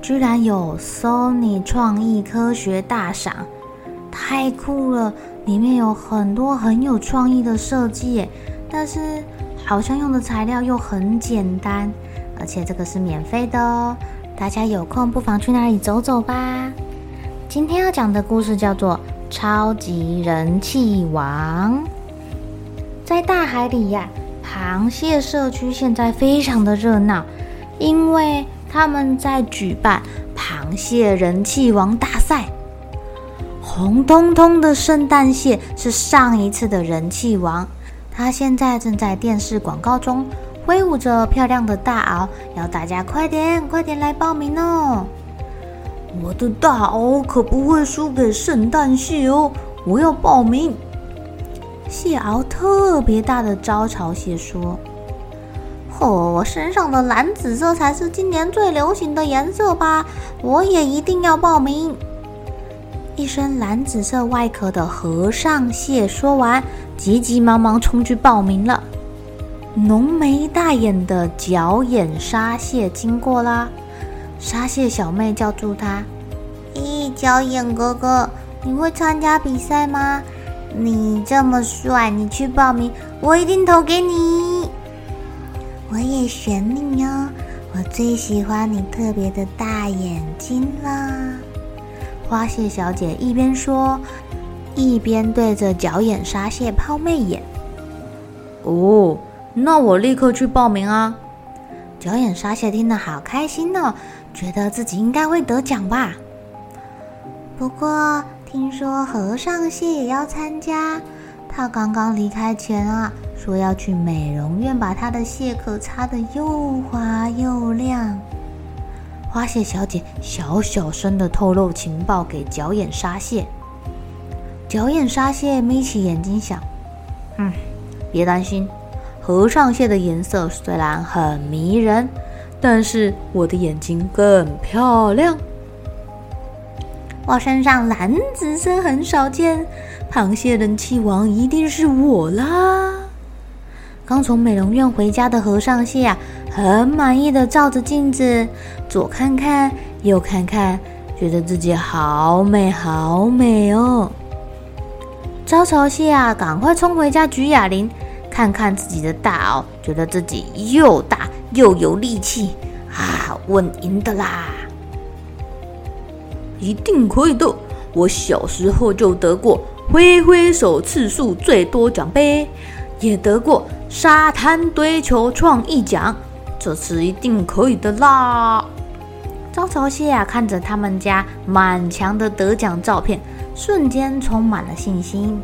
居然有 Sony 創意科學大賞，太酷了！裡面有很多很有創意的設計，但是好像用的材料又很簡單，而且這個是免費的哦。大家有空不妨去那裡走走吧。今天要講的故事叫做《超級人氣王》。在大海裡呀、啊，螃蟹社區現在非常的熱鬧，因為。他們在舉辦螃蟹人氣王大賽。紅彤彤的聖誕蟹是上一次的人氣王，它現在正在電視廣告中揮舞着漂亮的大螯，要大家快點快點來報名哦！我的大螯可不會輸給聖誕蟹哦！我要報名。蟹螯特別大的招潮蟹說。哦，我身上的藍紫色才是今年最流行的顏色吧！我也一定要報名。一身藍紫色外殼的和尚蟹說完，急急忙忙衝去報名了。濃眉大眼的角眼沙蟹經過啦，沙蟹小妹叫住他：“咦、欸，角眼哥哥，你會參加比賽嗎？你這麼帥，你去報名，我一定投給你。”我也選你哦，我最喜歡你特別的大眼睛了。花蟹小姐一邊說，一邊對着角眼沙蟹拋媚眼。哦，那我立刻去報名啊！角眼沙蟹聽得好開心哦，覺得自己應該會得獎吧。不過聽說和尚蟹也要參加。他剛剛離開前啊，說要去美容院把他的蟹殼擦得又滑又亮。花蟹小姐小小聲地透露情報給角眼沙蟹，角眼沙蟹眯起眼睛想：嗯，別擔心，和尚蟹的顏色雖然很迷人，但是我的眼睛更漂亮。我身上藍紫色很少見，螃蟹人氣王一定是我啦！剛從美容院回家的和尚蟹啊，很滿意的照着鏡子，左看看右看看，覺得自己好美好美哦！招潮蟹啊，趕快衝回家舉啞鈴，看看自己的大螯，哦，覺得自己又大又有力氣，啊，穩贏的啦！一定可以的！我小時候就得過揮揮手次數最多獎盃，也得過沙灘堆球創意獎，這次一定可以的啦！招潮蟹啊，看着他們家滿牆的得獎照片，瞬間充滿了信心。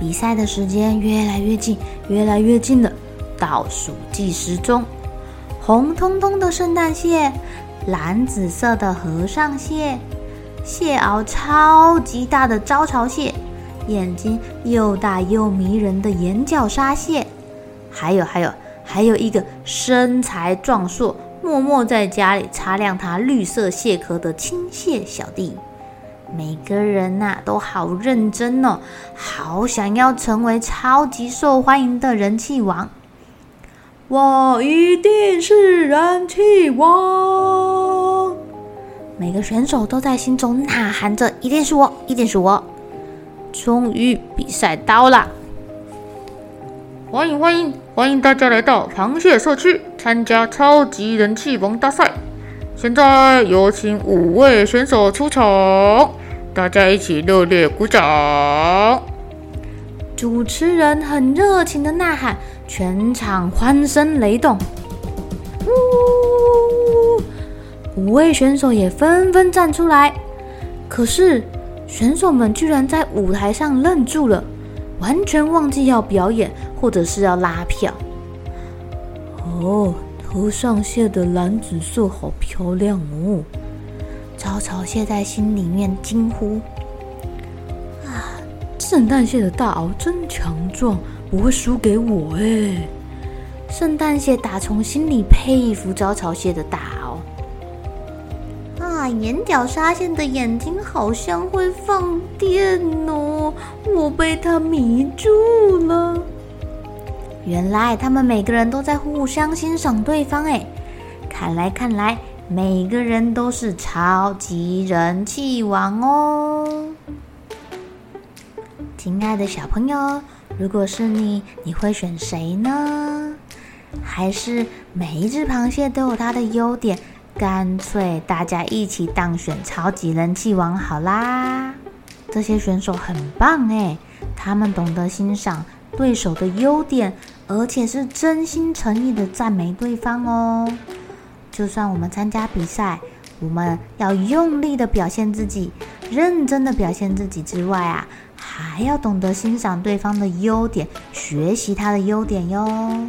比賽的時間越來越近，越來越近了！倒數計時中，紅彤彤的聖誕蟹，藍紫色的和尚蟹，蟹鰲超級大的招潮蟹，眼睛又大又迷人的眼角沙蟹，還有還有還有一個身材壯碩、默默在家裡擦亮它綠色蟹殼的青蟹小弟，每個人吶、啊、都好認真哦，好想要成為超級受歡迎的人氣王，我一定是人氣王！每個選手都在心中吶喊着：“一定是我，一定是我！”終於比賽到了，歡迎歡迎歡迎大家來到螃蟹社區參加超級人氣王大賽。現在有請五位選手出場，大家一起熱烈鼓掌。主持人很熱情的吶喊，全場歡聲雷動。呼呼。五位選手也紛紛站出來，可是選手們居然在舞台上愣住了，完全忘記要表演或者是要拉票。哦，頭上繫的藍紫色好漂亮哦！招潮蟹在心裡面驚呼：“啊，聖誕蟹的大螯真強壯，不會輸給我誒、欸。”聖誕蟹打從心裡佩服招潮蟹的大螯。眼角沙線的眼睛好像會放電哦，我被他迷住了。原來他們每個人都在互相欣賞對方哎，看來看來，每個人都是超級人氣王哦。親愛的小朋友，如果是你，你會選誰呢？還是每一隻螃蟹都有它的優點？乾脆大家一起當選超級人氣王好啦！這些選手很棒欸，他們懂得欣賞對手的優點，而且是真心誠意的讚美對方哦。就算我們參加比賽，我們要用力的表現自己，認真的表現自己之外啊，還要懂得欣賞對方的優點，學習他的優點喲。